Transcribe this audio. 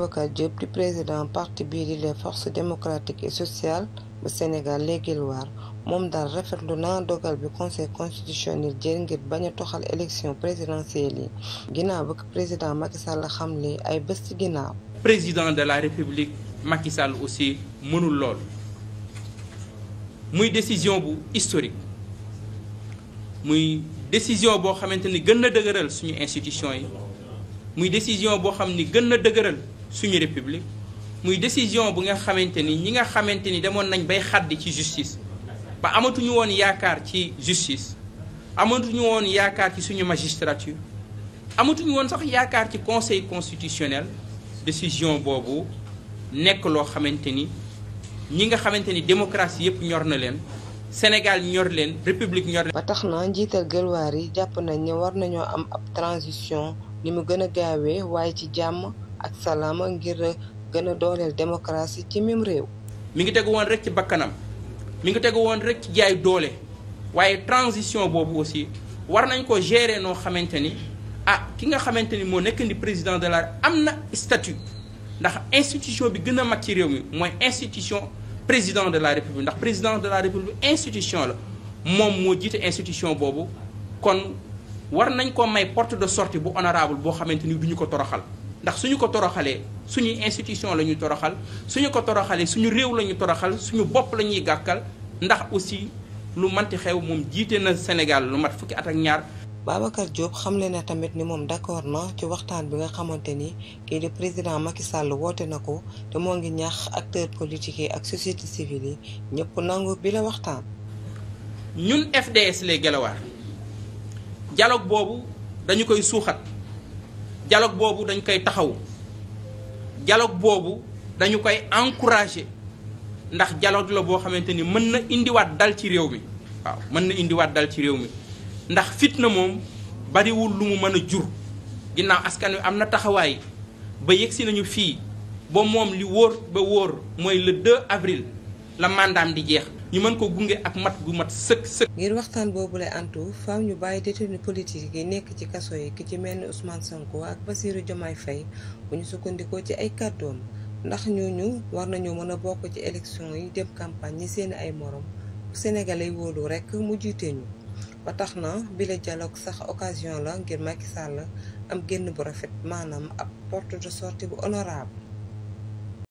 Babacar Diop di président parti bii di les force démocratiques et sociales bu Sénégal léegi war moom daal rafetlu naa dogal bi conseil constitutionnel jël ngir bañ a toxal élection présidentielle yi ginnaaw ba président Macky Sall xamle ay bés ci ginnaaw. président de la république Macky Sall aussi mënul lool muy décision bu historique muy décision boo xamante ni gën na dëgëral suñu institution yi. muy décision boo xam ni gën na dëgëral suñu république muy décision bu nga xamante ni ñi nga xamante ni demoon nañ bay xaddi ci justice ba amatuñu woon yaakaar ci justice amatuñu woon yaakaar ci suñu magistrature amatuñu woon sax yaakaar ci conseil constitutionnel décision boobu nekk loo xamante ni ñi nga xamante ni démocratie yëpp ñor na leen Sénégal ñor leen république ñor leen. ba tax na njiital gëlwaar yi jàpp nañ ne war nañoo am ab transition ni mu gën a gaawee waaye ci jàmm. ak salaama ngir gën a dooleel démocratie ci même réew. mi ngi tegu woon rek ci bakkanam mi ngi tegu woon rek ci jaay doole waaye transition boobu aussi war nañ ko gérer noo xamante ni ah ki nga xamante ni moo nekk ni président de la am na statut ndax institution bi gën a mag ci réew mi mooy institution président de la république ndax président de la république institution la moom moo jiite institution boobu kon war nañ ko may porte de sortie bu honorable boo xamante ni duñu ko toroxal. ndax suñu ko toroxalee suñu institution la ñuy toroxal suñu ko toroxalee suñu réew la ñuy toroxal suñu bopp la ñuy gàkkal ndax aussi lu manti xew moom jiite na Sénégal lu mat fukki at ak ñaar. Babacar Diop xamle na tamit ni moom d'accord na ci waxtaan bi nga xamante ni kii di président Macky Sall woote na ko te moo ngi ñaax acteurs politiques yi ak société civile yi ñëpp nangu bi la waxtaan. ñun FDS les Guelwaar dialogue boobu dañu koy suuxat. dialogue boobu dañ koy taxaw dialogue boobu dañu koy encourager ndax dialogue la boo xamante ni mën na indiwaat dal ci réew mi waaw mën na indiwaat dal ci réew mi ndax fitna moom bariwul lu mu mën a jur ginnaaw askan wi am na taxawaay ba yegsi nañu fii ba moom li wóor ba wóor mooy le 2 avril la mandaam di jeex ñu mën ko gunge ak mat gu mat sëkk sëkk. ngir waxtaan boobu lay antu faaw ñu bàyyi détenu politique yi nekk ci kaso yi ki ci mel usmaan Ousmane Sonko ak Bassirou Diomaye Faye bu ñu sukkandikoo ci ay kàddoom ndax ñu ñu war nañoo mën a bokk ci élection yi dem campagne yi seeni ay morom bu Sénégalais wóolu rek mu jiite ñu ba tax na bile dialogue sax occasion la ngir Macky Sall am génn bu rafet maanaam ab porte de sortie bu honorable